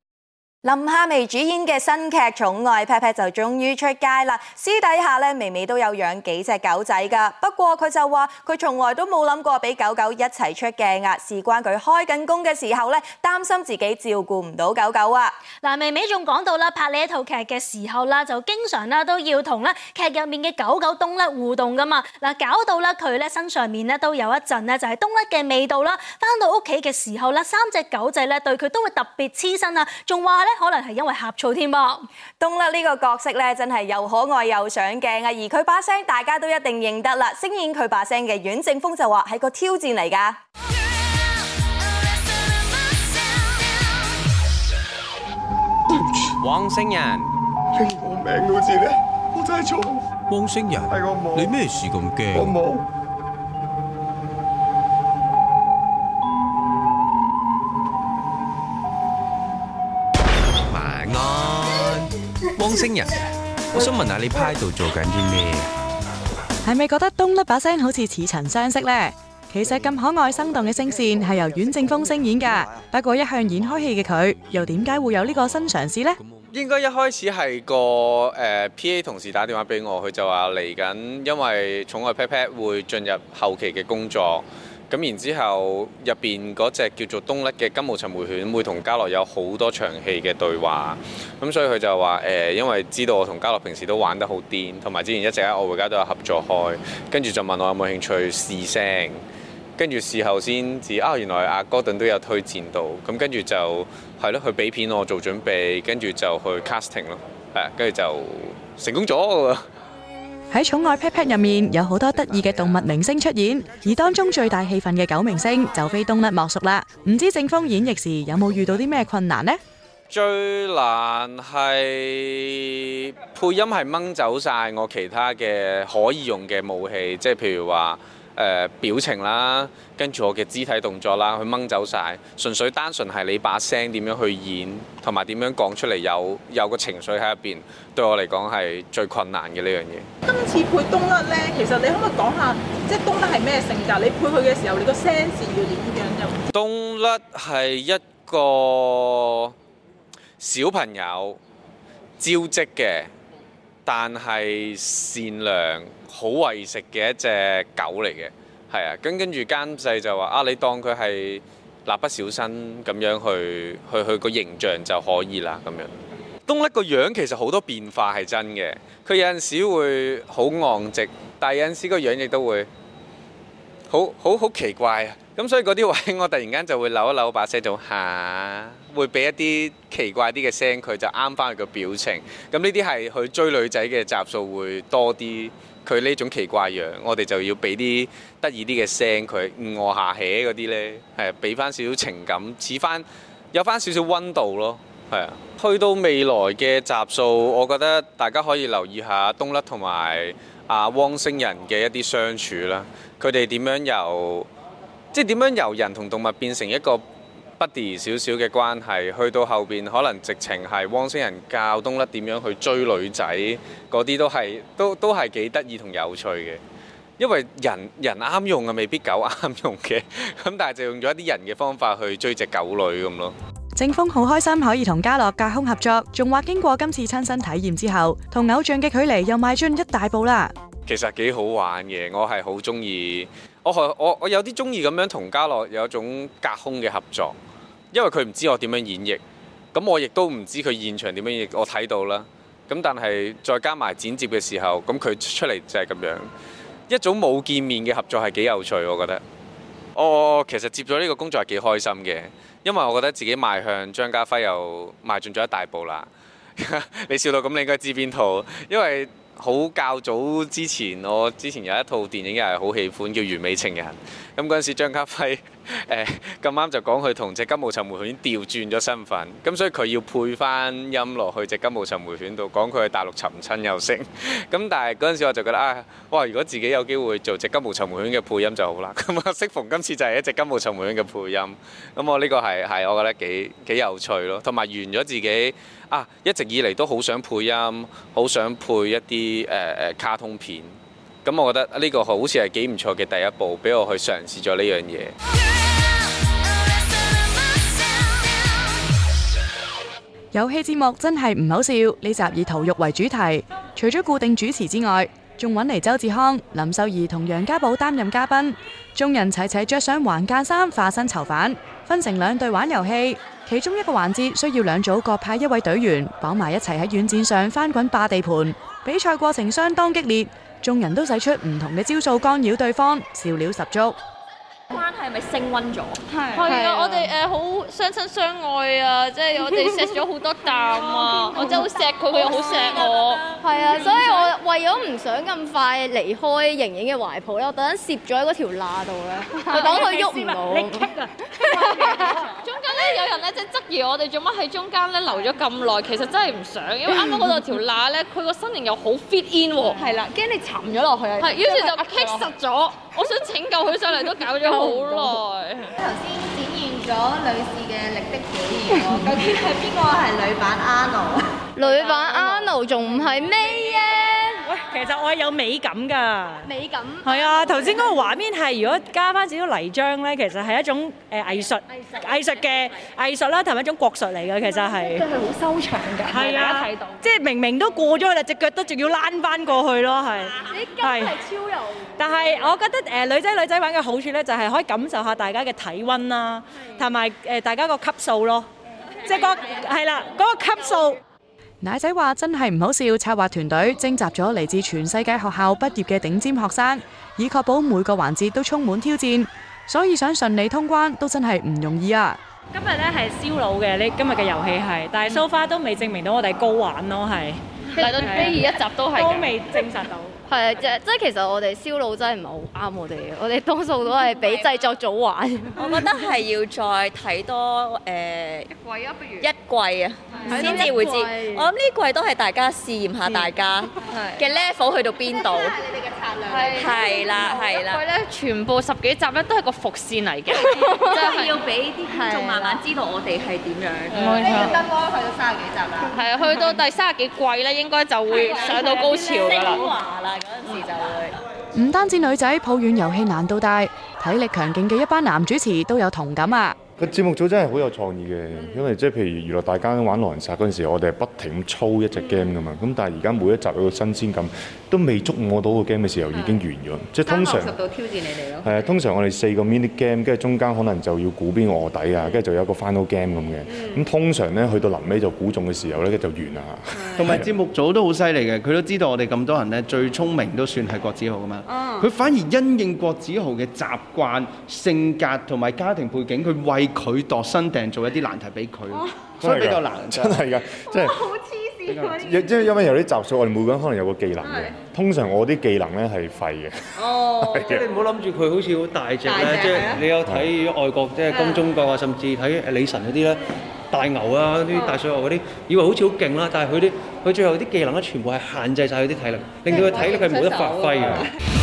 林夏薇主演嘅新劇《寵愛》p a 就終於出街啦！私底下咧，微微都有養幾隻狗仔噶。不過佢就話，佢從來都冇諗過俾狗狗一齊出鏡啊！事關佢開緊工嘅時候咧，擔心自己照顧唔到狗狗啊！嗱，微微仲講到啦，拍呢一套劇嘅時候啦，就經常啦都要同咧劇入面嘅狗狗東甩互動噶嘛！嗱，搞到咧佢咧身上面咧都有一陣咧就係東甩嘅味道啦！翻到屋企嘅時候啦，三隻狗仔咧對佢都會特別黐身啊！仲話咧。可能係因為呷醋添噃，東立呢個角色咧，真係又可愛又上鏡啊！而佢把聲大家都一定認得啦。聲演佢把聲嘅阮正峰就話係個挑戰嚟噶。汪星人，連我名都知咧，我真係錯。汪星人，你咩事咁驚？我冇。星人，我想問下你派度做緊啲咩？係咪覺得東粒把聲好似似曾相識呢？其實咁可愛生動嘅聲線係由阮正峰聲演㗎。不過一向演開戲嘅佢，又點解會有呢個新嘗試呢？應該一開始係個誒、呃、P A 同事打電話俾我，佢就話嚟緊，因為寵愛 Pet Pet 會進入後期嘅工作。咁然之後，入邊嗰隻叫做冬甩嘅金毛尋回犬會同家樂有好多場戲嘅對話，咁、嗯、所以佢就話誒、呃，因為知道我同家樂平時都玩得好癲，同埋之前一直喺我回家都有合作開，跟住就問我有冇興趣試聲，跟住事後先知啊，原來阿哥頓都有推薦到，咁跟住就係咯，佢俾片我做準備，跟住就去 casting 咯、嗯，係，跟住就成功咗。 [laughs] 喺寵愛 pet pet 入面有好多得意嘅動物明星出現，而當中最大戲份嘅狗明星就非東甩莫屬啦。唔知正方演繹時有冇遇到啲咩困難呢？最難係配音係掹走晒我其他嘅可以用嘅武器，即係譬如話。誒、呃、表情啦，跟住我嘅肢體動作啦，佢掹走晒，純粹單純係你把聲點樣去演，同埋點樣講出嚟有有個情緒喺入邊，對我嚟講係最困難嘅呢樣嘢。今次配東甩呢，其實你可唔可以講下，即係東甩係咩性格？你配佢嘅時候，你個聲線要點樣？東甩係一個小朋友，招積嘅，但係善良。好為食嘅一隻狗嚟嘅，係啊，咁跟住監製就話啊，你當佢係蠟筆小新咁樣去去去個形象就可以啦。咁樣東粒個樣其實好多變化係真嘅，佢有陣時會好昂直，但係有陣時個樣亦都會好好好，好奇怪啊。咁所以嗰啲位我突然間就會扭一扭把聲做下、啊，會俾一啲奇怪啲嘅聲，佢就啱翻佢個表情。咁呢啲係去追女仔嘅集數會多啲。佢呢種奇怪樣，我哋就要俾啲得意啲嘅聲佢，餓、呃、下起嗰啲呢，係俾翻少少情感，似翻有翻少少溫度咯，係啊。去到未來嘅集數，我覺得大家可以留意下東甩同埋阿汪星人嘅一啲相處啦，佢哋點樣由即係點樣由人同動物變成一個。不離少少嘅關係，去到後邊可能直情係汪星人教東甩點樣去追女仔，嗰啲都係都都係幾得意同有趣嘅，因為人人啱用啊，未必狗啱用嘅，咁但係就用咗一啲人嘅方法去追隻狗女咁咯。正風好開心可以同家樂隔空合作，仲話經過今次親身體驗之後，同偶像嘅距離又邁進一大步啦。其實幾好玩嘅，我係好中意，我我我，我有啲中意咁樣同家樂有一種隔空嘅合作。因為佢唔知我點樣演繹，咁我亦都唔知佢現場點樣演繹，我睇到啦。咁但係再加埋剪接嘅時候，咁佢出嚟就係咁樣。一種冇見面嘅合作係幾有趣，我覺得。哦，其實接咗呢個工作係幾開心嘅，因為我覺得自己邁向張家輝又邁進咗一大步啦。 [laughs] 你笑到咁，你應該知邊套？因為好較早之前，我之前有一套電影又係好喜歡叫《完美情人》。咁嗰陣時張家輝。誒，咁啱就講佢同隻金毛尋回犬調轉咗身份，咁所以佢要配翻音落去隻金毛尋回犬度，講佢係大陸尋親又升。咁但係嗰陣時我就覺得啊，哇！如果自己有機會做隻金毛尋回犬嘅配音就好啦。咁啊，適逢今次就係一隻金毛尋回犬嘅配音，咁我呢個係係我覺得幾幾有趣咯，同埋完咗自己啊，一直以嚟都好想配音，好想配一啲誒誒卡通片，咁我覺得呢個好似係幾唔錯嘅第一步，俾我去嘗試咗呢樣嘢。遊戲節目真係唔好笑，呢集以逃獄為主題，除咗固定主持之外，仲揾嚟周志康、林秀怡同楊家寶擔任嘉賓，眾人齊齊着上橫間衫化身囚犯，分成兩隊玩遊戲。其中一個環節需要兩組各派一位隊員綁埋一齊喺軟墊上翻滾霸地盤，比賽過程相當激烈，眾人都使出唔同嘅招數干擾對方，笑料十足。關係係咪升溫咗？係係啊！我哋誒好相親相愛啊！即係我哋錫咗好多啖啊！我真係好錫佢，佢又好錫我。係啊，所以我為咗唔想咁快離開瑩瑩嘅懷抱咧，我突然攝咗喺嗰條罅度咧，佢講佢喐唔到，我 kick 㗎。中間咧有人咧即係質疑我哋做乜喺中間咧留咗咁耐，其實真係唔想，因為啱啱嗰度條罅咧，佢個身形又好 fit in 喎。係啦，驚你沉咗落去啊！係，於是就 kick 實咗。 [laughs] 我想拯救佢上嚟都搞咗好耐。頭先展現咗女士嘅力的表現，究竟係邊個係女版阿奴？女版阿奴仲唔係咩？其實我係有美感㗎，美感係啊！頭先嗰個畫面係如果加翻少少泥漿咧，其實係一種誒藝術藝術嘅藝術啦，同埋一種國術嚟嘅，其實係即係好收場㗎，大家睇到即係明明都過咗啦，隻腳都仲要躝翻過去咯，係係超有，但係我覺得誒女仔女仔玩嘅好處咧，就係可以感受下大家嘅體温啦，同埋誒大家個級數咯，即係個係啦，嗰個級數。奶仔話：真係唔好笑，策劃團隊徵集咗嚟自全世界學校畢業嘅頂尖學生，以確保每個環節都充滿挑戰。所以想順利通關都真係唔容易啊！今日咧係燒腦嘅，你今日嘅遊戲係，但係 so far 都未證明到我哋高玩咯，係嚟、嗯、是到飛二一集都係的都未證實到。 [laughs] 係啊，即係其實我哋燒腦真係唔係好啱我哋嘅，我哋多數都係俾製作組玩。我覺得係要再睇多誒一季啊，不如一季啊，先至會知。我諗呢季都係大家試驗下大家嘅 level 去到邊度。係啦，係啦。呢季全部十幾集咧，都係個伏線嚟嘅，咁要俾啲人慢慢知道我哋係點樣。咁樣燈光去到三十幾集啦。係啊，去到第三十幾季咧，應該就會上到高潮㗎啦。唔單止女仔抱怨遊戲難度大，體力強勁嘅一班男主持都有同感啊！個節目組真係好有創意嘅，因為即係譬如娛樂大家玩狼人殺嗰陣時，我哋係不停操一隻 game 噶嘛，咁但係而家每一集有一個新鮮感。都未捉我到個 game 嘅時候已經完咗，即係通常三挑戰你哋咯。係啊，通常我哋四個 mini game，跟住中間可能就要估邊個臥底啊，跟住就有個 final game 咁嘅。咁通常咧，去到臨尾就估中嘅時候咧，就完啦。同埋節目組都好犀利嘅，佢都知道我哋咁多人咧，最聰明都算係郭子豪啊嘛。佢反而因應郭子豪嘅習慣、性格同埋家庭背景，佢為佢度身訂做一啲難題俾佢，所以比較難，真係㗎，即係好似。亦即係因為有啲集數，我哋每個人可能有個技能嘅。的通常我啲技能咧係廢嘅。哦、oh. 的，你唔好諗住佢好似好大隻咧。隻啊、即係你有睇外國，即係金鐘國啊，甚至睇李晨嗰啲咧，大牛啊嗰啲大水牛嗰啲，以為好似好勁啦，但係佢啲佢最後啲技能咧，全部係限制晒佢啲體力，令到佢體力係冇得發揮嘅。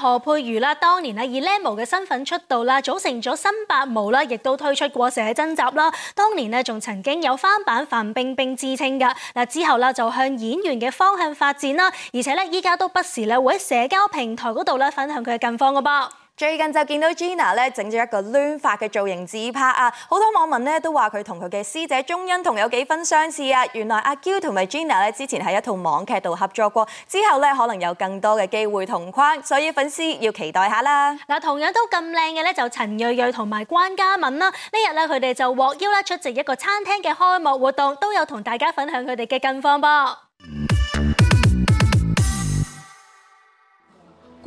何佩瑜啦，當年咧以 Lemon 嘅身份出道啦，組成咗新八模啦，亦都推出過寫真集啦。當年咧仲曾經有翻版范冰冰之稱嘅，嗱之後咧就向演員嘅方向發展啦，而且咧依家都不時咧會喺社交平台嗰度咧分享佢嘅近況嘅噃。最近就見到 Gina 整咗一個攣髮嘅造型自拍啊，好多網民咧都話佢同佢嘅師姐鍾欣桐有幾分相似啊。原來阿、啊、嬌同埋 Gina 咧之前喺一套網劇度合作過，之後咧可能有更多嘅機會同框，所以粉絲要期待下啦。嗱，同樣都咁靚嘅咧就陳瑞瑞同埋關嘉敏啦。日呢日咧佢哋就獲邀咧出席一個餐廳嘅開幕活動，都有同大家分享佢哋嘅近況噃。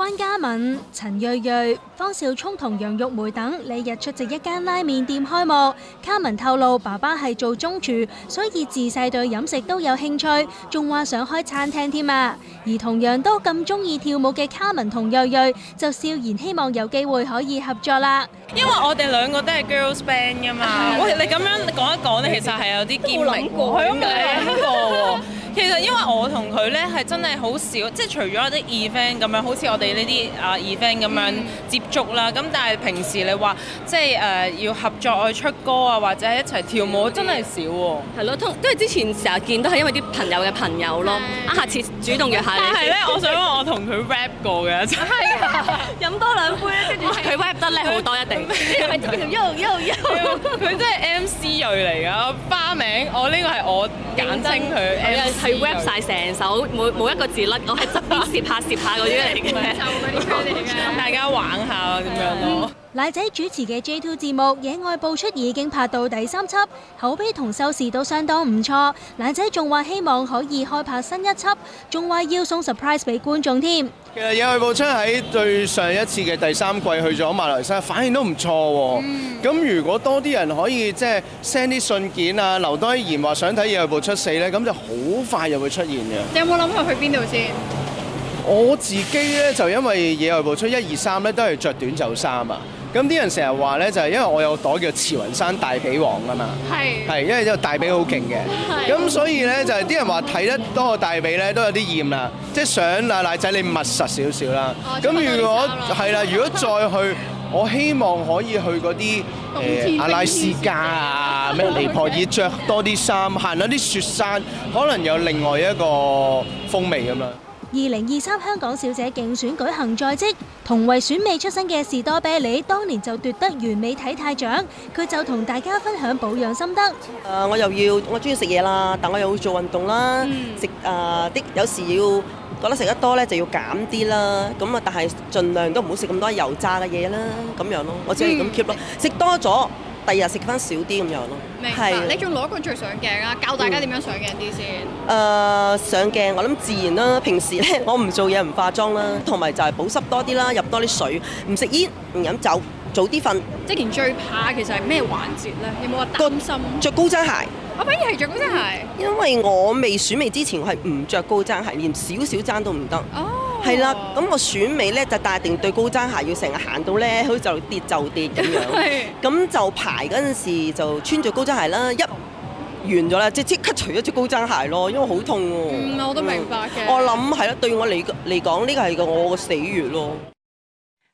關嘉敏、陳瑞瑞、方少聰同楊玉梅等，禮日出席一間拉麵店開幕。卡文透露，爸爸係做中廚，所以自細對飲食都有興趣，仲話想開餐廳添啊。而同樣都咁中意跳舞嘅卡文同瑞瑞，就笑言希望有機會可以合作啦。因為我哋兩個都係 girls band 噶嘛，喂，你咁樣講一講咧，其實係有啲冇諗過，冇諗過。其實因為我同佢咧係真係好少，即係除咗啲 event 咁樣，好似我哋呢啲啊 event 咁樣接觸啦。咁但係平時你話即係誒要合作去出歌啊，或者一齊跳舞，真係少喎。係咯，通都係之前成日見都係因為啲朋友嘅朋友咯。啱下次主動約下你。係咧，我想我同佢 rap 過嘅一陣。係啊，飲多兩杯跟住佢 rap 得叻好多一定。佢真係 MC 類嚟㗎，花名我呢個係我簡稱佢。係 rap 晒成首，每每一個字甩， [laughs] 我係真係攝下攝下嗰啲嚟嘅， [laughs] [laughs] 大家玩下咁樣咯。 [laughs] 奶仔主持嘅 J Two 節目《野外播出》已經拍到第三輯，口碑同收視都相當唔錯。奶仔仲話希望可以開拍新一輯，仲話要送 surprise 俾觀眾添。其實《野外播出》喺對上一次嘅第三季去咗馬來西亞，反應都唔錯。咁、嗯、如果多啲人可以即係 send 啲信件啊，留多啲言話想睇《野外播出》四呢，咁就好快又會出現嘅。你有冇諗過去邊度先？我自己呢，就因為《野外播出 1, 2, 3,》一二三呢，都係着短袖衫啊。咁啲人成日話咧，就係因為我有袋叫慈雲山大髀王啊嘛，係，係因為呢個大髀好勁嘅，咁所以咧就係啲人話睇得多個大髀咧都有啲厭啦，即係想啊賴仔你密實少少啦，咁如果係啦，如果再去，我希望可以去嗰啲阿拉斯加啊，咩尼泊爾，着多啲衫，行嗰啲雪山，可能有另外一個風味咁樣。二零二三香港小姐競選舉行在即。同為選美出身嘅士多啤梨，當年就奪得完美體態獎。佢就同大家分享保養心得。誒、呃，我又要我中意食嘢啦，但我又會做運動啦。食誒啲有時要覺得食得多咧，就要減啲啦。咁啊，但係盡量都唔好食咁多油炸嘅嘢啦，咁樣咯。我只係咁 keep 咯，食、嗯、多咗。第二日食翻少啲咁樣咯，係白是你仲攞個最上鏡啊？嗯、教大家點樣上鏡啲先？誒、呃、上鏡，我諗自然啦。平時咧，我唔做嘢唔化妝啦，同埋、嗯、就係保濕多啲啦，入多啲水，唔食煙，唔飲酒，早啲瞓。即係最怕其實係咩環節咧？嗯、有冇話擔心？着高踭鞋，我反而係着高踭鞋、嗯，因為我未選美之前，我係唔着高踭鞋，連少少踭都唔得。哦。係啦，咁我選尾咧就戴定對高踭鞋要，要成日行到咧，佢就跌就跌咁樣。係 [laughs] 是。咁就排嗰陣時就穿住高踭鞋啦，一完咗啦，即即刻除咗隻高踭鞋咯，因為好痛喎、啊。嗯，我都明白嘅。我諗係、這個、咯，對我嚟嚟講，呢個係個我嘅死穴咯。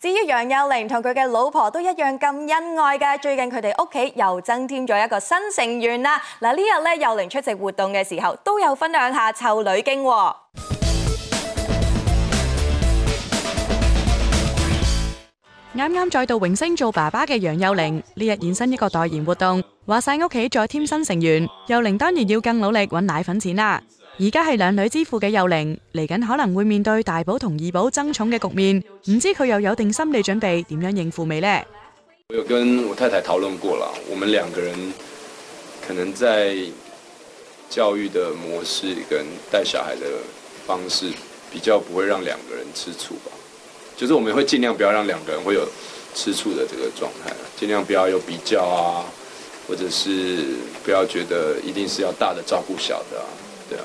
至於楊佑寧同佢嘅老婆都一樣咁恩愛㗎，最近佢哋屋企又增添咗一個新成員啦！嗱，呢日咧佑寧出席活動嘅時候，都有分享下湊女經喎。啱啱再度榮升做爸爸嘅楊佑寧，呢日現身一個代言活動，話晒屋企再添新成員，佑寧當然要更努力揾奶粉錢啦。而家係兩女之父嘅幼玲嚟緊可能會面對大寶同二寶爭寵嘅局面，唔知佢又有定心理準備點樣應付未呢？我有跟我太太討論過啦，我們兩個人可能在教育的模式跟帶小孩的方式比較不會讓兩個人吃醋吧，就是我們會盡量不要讓兩個人會有吃醋的這個狀態，盡量不要有比較啊，或者是不要覺得一定是要大的照顧小的啊，對啊。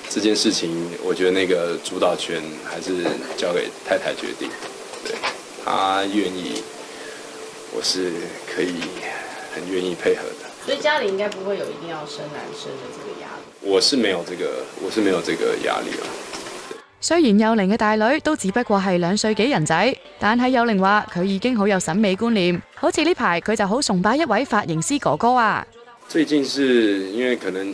這件事情，我覺得那個主導權還是交給太太決定。對，她願意，我是可以很願意配合的。所以家裏應該不會有一定要生男生的這個壓力。我是沒有這個，我是沒有這個壓力啦，啊。雖然幼玲嘅大女都只不過係兩歲幾人仔，但係幼玲話佢已經好有審美觀念，好似呢排佢就好崇拜一位髮型師哥哥啊。最近是因為可能。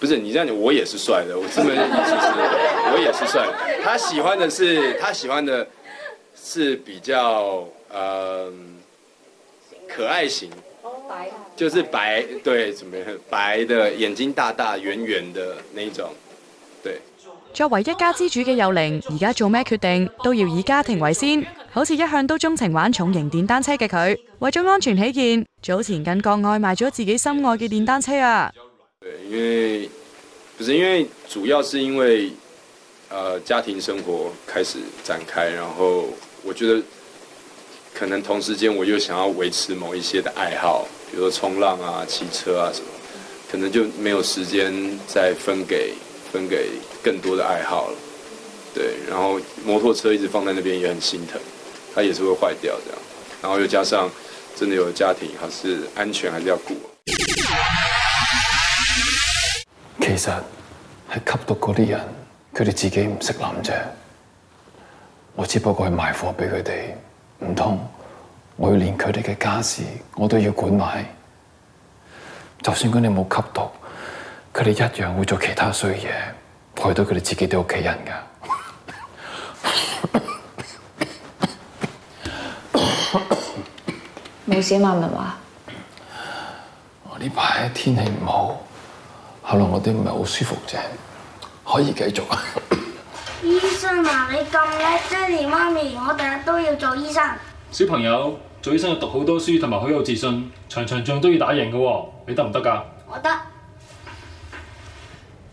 不是你這樣講，我也是帥的。我這麼其實我也是帥。他喜歡的是他喜歡的是比較嗯、呃、可愛型，就是白對，怎麼樣白的眼睛大大圓圓的那一種。對。作為一家之主嘅幼齡，而家做咩決定都要以家庭為先。好似一向都鍾情玩重型電單車嘅佢，為咗安全起見，早前喺國外買咗自己心愛嘅電單車啊。對，因為不是因為，主要是因為，呃家庭生活開始展開，然後我覺得可能同時間我又想要維持某一些的愛好，比如說沖浪啊、騎車啊什麼，可能就沒有時間再分給分給更多的愛好了。對，然後摩托車一直放在那邊也很心疼，它也是會壞掉這樣，然後又加上真的有家庭，還是安全還是要顧啊。其實係吸毒嗰啲人，佢哋自己唔識諗啫。我只不過係賣貨俾佢哋，唔通我要連佢哋嘅家事，我都要管埋。就算佢哋冇吸毒，佢哋一樣會做其他衰嘢，害到佢哋自己啲屋企人㗎。 [laughs] 冇小曼文話，我呢排天氣唔好。可能我啲唔係好舒服啫，可以繼續啊！ [laughs] 醫生啊，你咁叻，Judy 媽咪，我第日都要做醫生。小朋友做醫生要讀好多書，同埋好有自信，場場仗都要打贏嘅喎，你得唔得噶？我得行。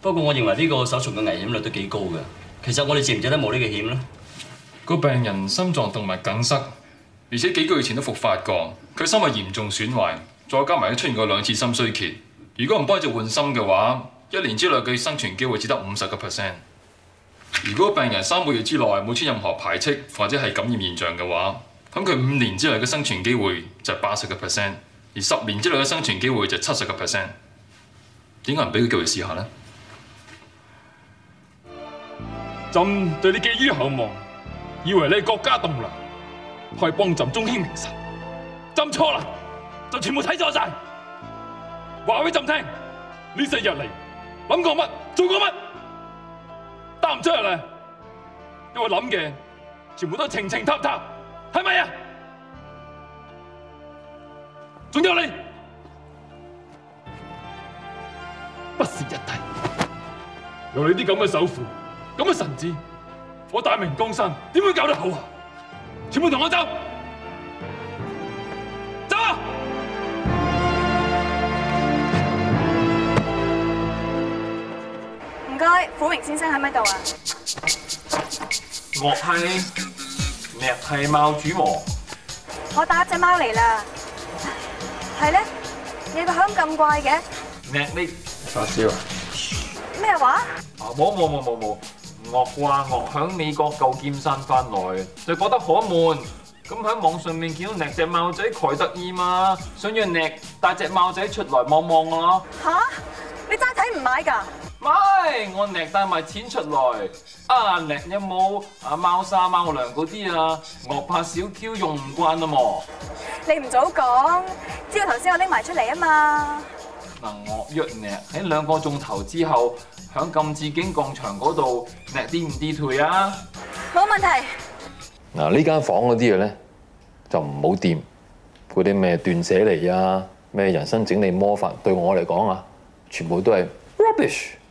不過我認為呢個手術嘅危險率都幾高嘅，其實我哋值唔值得冒呢個險咯。個病人心臟動脈梗塞，而且幾個月前都復發過，佢心臟嚴重損壞，再加埋佢出現過兩次心衰竭。如果唔幫佢做換心嘅話，一年之內嘅生存機會只得五十個 percent。如果病人三個月之內冇出現任何排斥或者係感染現象嘅話，咁佢五年之內嘅生存機會就八十個 percent，而十年之內嘅生存機會就七十個 percent。點解唔俾佢機會試下呢？朕對你寄予厚望，以為你係國家棟樑，可以幫朕中興明臣。朕錯啦，就全部睇錯晒。話俾朕聽，呢四日嚟諗過乜，做過乜，答唔出嚟咧？因為諗嘅全部都係情情塔塔，係咪啊？仲有你，不屑一提，用你啲咁嘅首富，咁嘅臣子，我大明江山點會搞得好啊？全部同我走！唔該，虎明先生喺咪度啊？我係，叻係貓主王。我打隻貓嚟啦，係咧，你個響咁怪嘅？叻你發燒啊？咩話？啊冇冇冇冇冇！我話我響美國舊劍山翻來，就覺得好悶。咁喺網上面見到叻隻貓仔佢得意嘛，想要叻帶隻貓仔出來望望咯。吓、啊？你齋睇唔買㗎？唔係，My, 我擰帶埋錢出來啊！擰有冇啊貓砂貓糧嗰啲啊？惡霸小 Q 用唔慣啊嘛？你唔早講，知道頭先我拎埋出嚟啊嘛？嗱、啊，我約你喺兩個鐘頭之後，響金紫荊廣場嗰度擰跌唔跌退啊？冇問題。嗱，呢間房嗰啲嘢咧就唔好掂，嗰啲咩斷捨離啊，咩、啊、人生整理魔法對我嚟講啊，全部都係 rubbish。